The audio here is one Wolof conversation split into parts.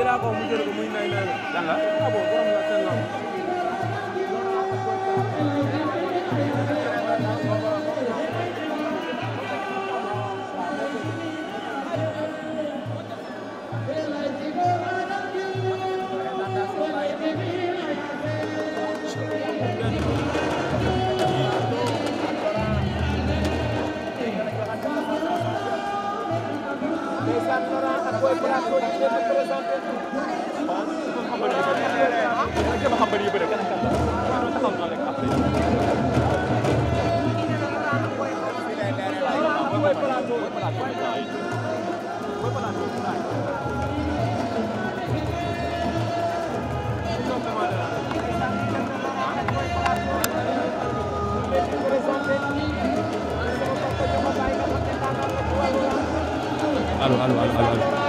Birago mu jël ko muy nay nay la. Ah allo allo allo allo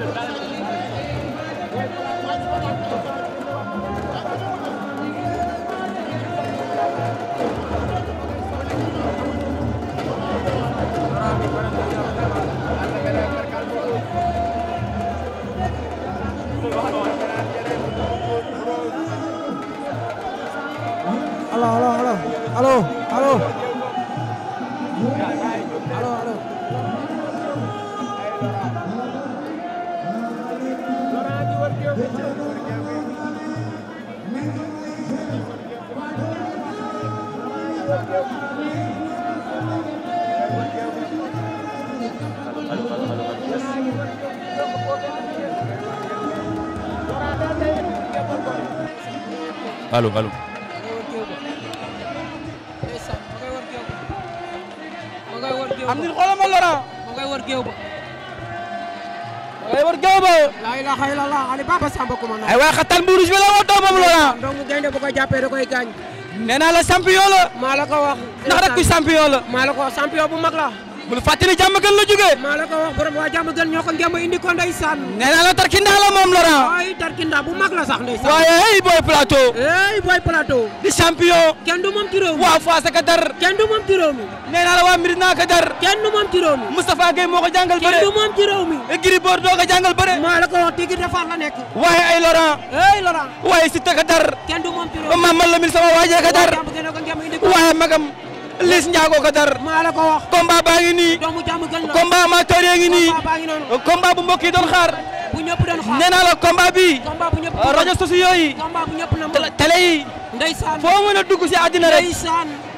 Halo, halo, halo. Halo, halo. alo alum am nit xoolal ma Laurent mo ngay war géew ba mo war géew ba la ilaha illallah ali baba samba ko man ay waay xatal bu rouge bi ko jàppee da naa la champion maa la ko wax ndax rek ku la maa la ko champion bu mag la bul fàttali jàmm gën la jógee. maa la ko wax borom waa jàmm gën ñoo ko ngeen indi ko ndeysaan. nee naa la tarkinda la moom Laurent. waaye tarkinda bu mag la sax ndeysaan. waaye hey boy plateau. hey boy plateau. di champion. kenn du moom ci réew mi. waa Fass ka dar. kenn du moom ci la waa Mirina ka dar. kenn moo ko jàngal bëre. waaye ay Laurent. waaye si te ka dar. kenn du moom waajee ka waaye magam Liss Ndiago ko dar maa la ko wax combat baa ngi nii combat amateur yaa ngi nii combat bu mbokk yi doon xaar nee naa la combat bi ah, rajo sociaux yi télé yi foo mën a dugg si àddina rek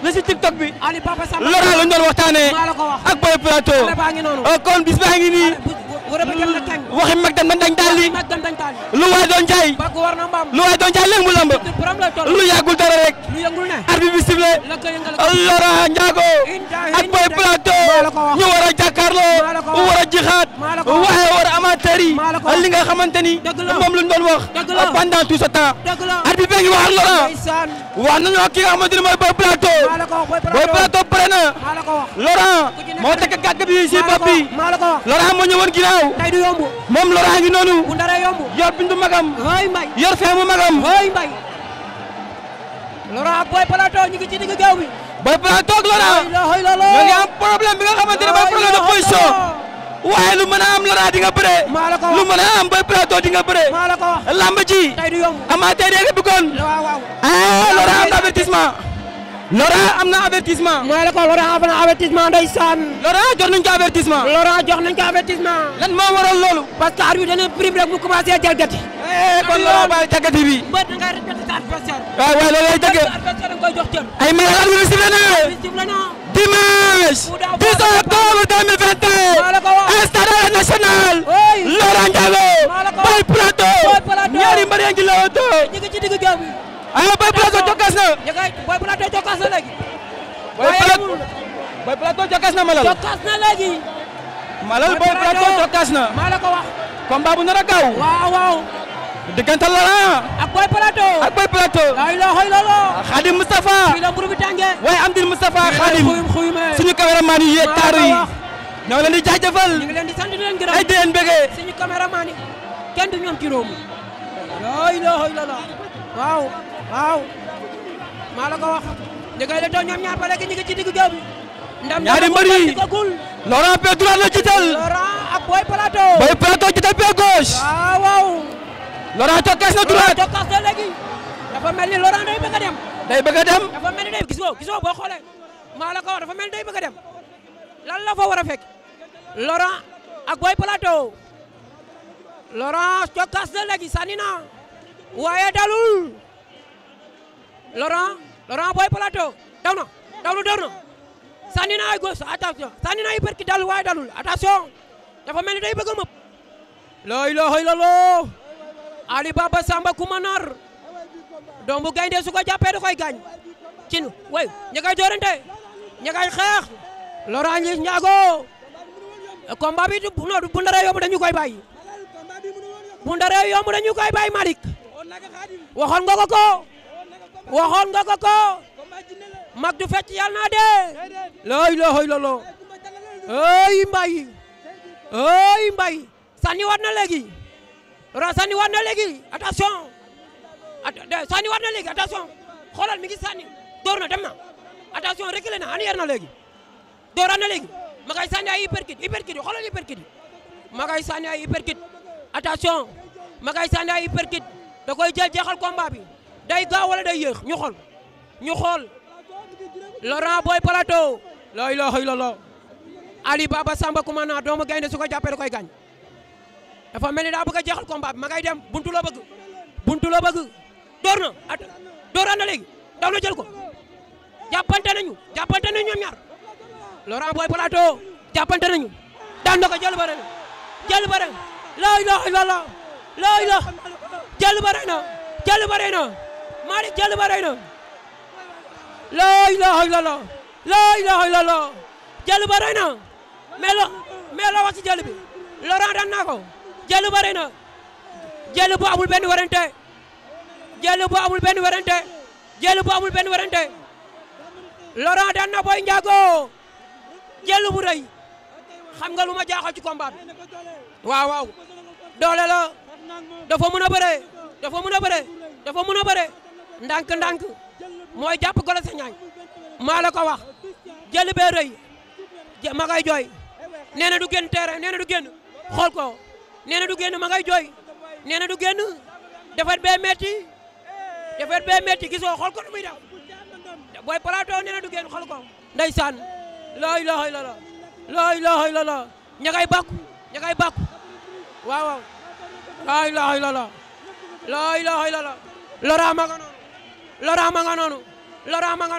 la si tiktok bi loraa la ñu doon waxtaanee ak Boy Plateau ah, kon bis baa ngi nii waxi mag dem dañ dañ daal li lu waay doon jaay lu waay doon jaay léegi mu lamb lu yàggul dara rek arbitre bi sifflé Laurent Ndiago ak Boy Plateau ñu war a jàkkaarloo war a jixaat waxee war a amateur yi li nga xamante ni moom lañ doon wax pendant tout ce temps arbitre bi ngi wax ak Laurent wax nañu mooy Boy Plateau Boy Plateau pare na Laurent moo tekk gàgg bi si bopp bi Laurent moo ñëwoon ginnaaw moom Laurent ngi noonu yor bindu magam yor feemu magam Boy Franc toog Laurent ñoo ngi am problème bi nga xamante ne mooy problème de position waaye lu mën a am Laurent di nga bëre lu a am Boy Franc toog di nga bëre lamb ji amateur yeeg bi am avertissement ah, Laurent am na avertissement. mooy la ko Laurent am na avertissement ndeysaan. Laurent jox nañ ko avertissement. Laurent jox nañ ko avertissement. lan moo waral loolu. parce que arbitre dana prime rek bu commencé jalgati. Eh, kon Laurent bàyyi jalgati bi. mbër da ngay respecté sa adversaire. waaw waaw ma arbitre sifflé Boy Plateau Malal. jokkaas na léegi. Malal Boy Plateau jokkaas na. maa la ko wax. combat bu a gaaw. waaw waaw. diggante Laurent. ak Boy Plateau. ak Boy Plateau. ay loo xooy looloo. Khadim Moustapha. fii la mburu bi tàngee. waaye Amdine Moustapha Khadim. suñu caméraman yi ñu ngi leen di sant di leen gërëm. ay di leen bëggee. suñu caméraman yi kenn du ñoom ci réew mi. ay waaw ñu ngi lay ñoom ñaar ba léegi ñu ngi ci ndam ñaari mbër yi Laurent pied droit la jiital. Laurent ak Boy Plateau. Boy Plateau jiital pied gauche. na droit. tokkas na léegi. dafa mel ni Laurent day a dem. day bëgg a dem. dafa mel ni day la dem. lan la fa war a fekk. Laurent ak Boy Plateau. Laurent tokkas na léegi waaye dalul. Laurent. Laurent Boy Plateau daw na daw na dóor ay gos attention sànni na ay bërki dal waaye dalul attention dafa mel ni day bëgg a mëb loo ilaaha illallaah Ali Baba Samba Kumanar doom bu gaynde su ko jàppee da koy gaañ cin way ña koy xeex Laurent Liss Ndiago combat bi non bu dañu koy bàyyi bu dañu koy bàyyi Malick waxoon ko waxoon nga ko ko mag du fecc yàlla naa dee looy looy lolo ooy mbay ooy mbay sànni war na léegi ra sànni war na léegi attention sànni war na léegi attention xoolal mi ngi sànni door na dem na attention na ani yer na léegi dooran na léegi ma ngay sànni ay hyperkit hyperkit yi xoolal hyperkit yi ay hyperkit attention ma ngay ay hyperkit da koy jël jeexal combat bi day gaaw wala day yéex ñu xool ñu xool Laurent Boy Plateau looy loo xëy lolo Ali Baba Samba Kumana doomu gaynde su ko jàppee da koy gaañ dafa mel ni daa bëgg a jeexal combat bi ma ngay dem buntu la bëgg buntu la bëgg door na at dooran na léegi daw na jël ko jàppante nañu jàppante nañu ñoom ñaar Laurent Boy Plateau jàppante nañu daan na ko jël bare na jël bare na looy loo xëy lolo looy loo jël bare na jël bare na Malick jël ba rëy na laa ilaaha illallah laa ilaaha illallah jël ba rëy na mais la mais la wax ci jël bi Laurent daan naa ko jël ba rëy na jël bu amul benn werante jël bu amul benn werante jël bu amul benn werante Laurent daan na Boy Ndiago jël bu rëy xam nga lu ma jaaxal ci combat bi waaw waaw doole la dafa mën a bëre dafa mën a bëre dafa mën a bëre ndànk-ndànk mooy jàpp golo sa ñaañ maa la ko wax jël bee rëy ma ngay jooy nee du génn terrain nee du génn xool ko du génn ma ngay jooy nee na du génn defet bee metti defet bee metti gisoo xool ko nu muy def booy plateau nee na du génn xool ko ndeysaan looy looy lolo looy looy lolo ña ngay bàkku ña ngay bàkku waaw waaw looy looy lolo looy looy lolo Laurent ma nga noonu Laurent ma nga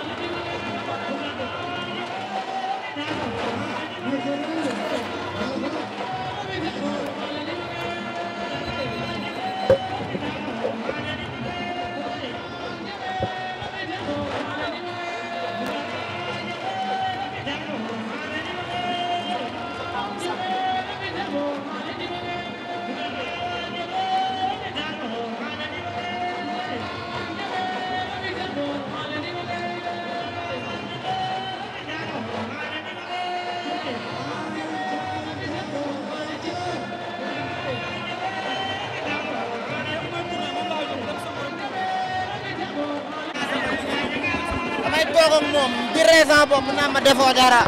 toog ak moom di raison boobu naa ma defoo dara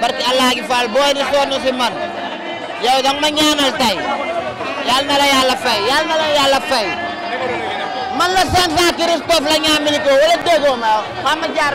barki allah gi na la yàlla la fay man la 500 Christophe la ñaamili wala déggoo ma xam ma jaar